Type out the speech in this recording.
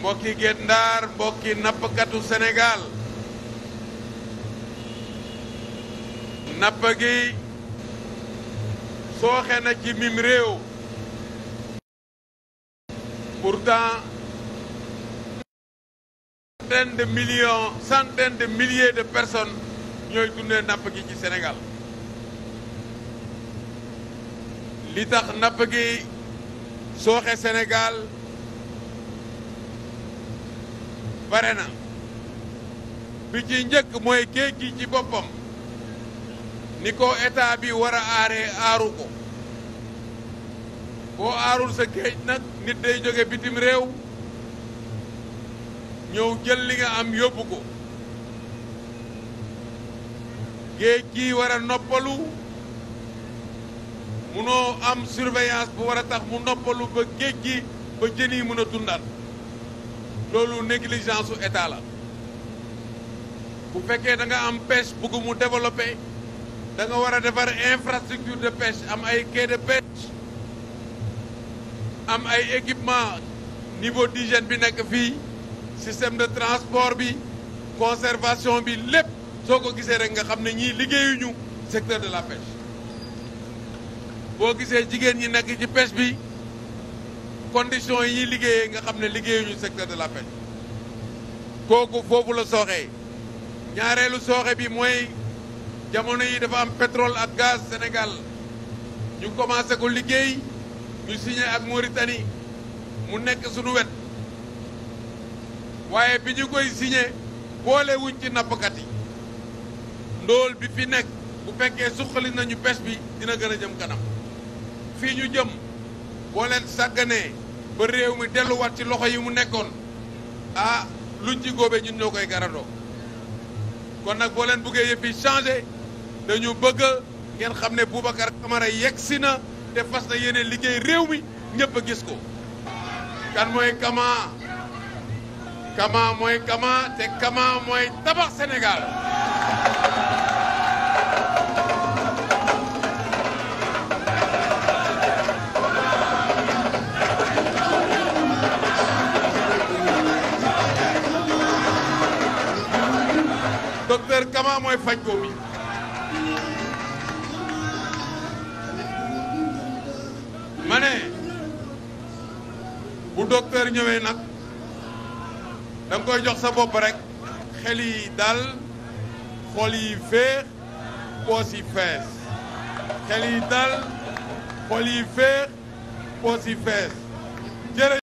mbokki Guet Ndar mbokki nappkatu Sénégal napp gi sooxe na ci mim réew pourtant centaine de millions centaine de milliers de personnes ñooy dundee napp gi ci Sénégal li tax napp gi sooxe Sénégal bare na bi ci jëkk mooy géej gi ci boppam ni ko état bi war a aaree aaru ko boo aarul sa géej nit day jóge bitim réew ñëw jël li nga am yóbbu ko géej gi war a noppalu munoo am surveillance bu war a tax mu noppalu ba géej gi ba jën yi mën a loolu négligence su état la bu fekkee da nga am pêche bugg mu développer da nga war a defar infrastructure de pêche am ay quai de am ay équipement niveau d'hygiène bi nekk fii système de transport bi conservation bi lépp soo ko gisee rek nga xam ne ñii liggéeyuñu secteur de la pêche boo gisee jigéen ñi nekk ci pêche bi condition yi ñuy liggéeyee nga xam ne liggéeyuñu secteur de la pêche kooku foofu la sooxee ñaareelu sooxe bi mooy jamono yi dafa am pétrole ak gaz Sénégal ñu commencé ko liggéey ñu signé ak Mauritanie mu nekk suñu wet waaye bi ñu koy signé boole wuñ ci nappkat yi ndóol bi fi nekk bu fekkee suqali nañu pêche bi dina gën a jëm kanam fii ñu jëm boo leen sàgganee ba réew mi delluwaat ci loxo yi mu nekkoon ah luñ ci góobee ñun ñoo koy garandoo kon nag boo buggee bëggee yëpp changé dañu bëgg ngeen xam ne Boubacar Camara yegg si na te fas na yéene liggéey réew mi ñëpp a gis ko. kan mooy Kama Kama mooy Kama te Kama mooy tabax Sénégal. mooy faj boobu ma ne bu docteur ñëwee nag da koy jox sa bopp rekk xel yi dal xol yi féex yi fees xel yi dal xol yi féex poos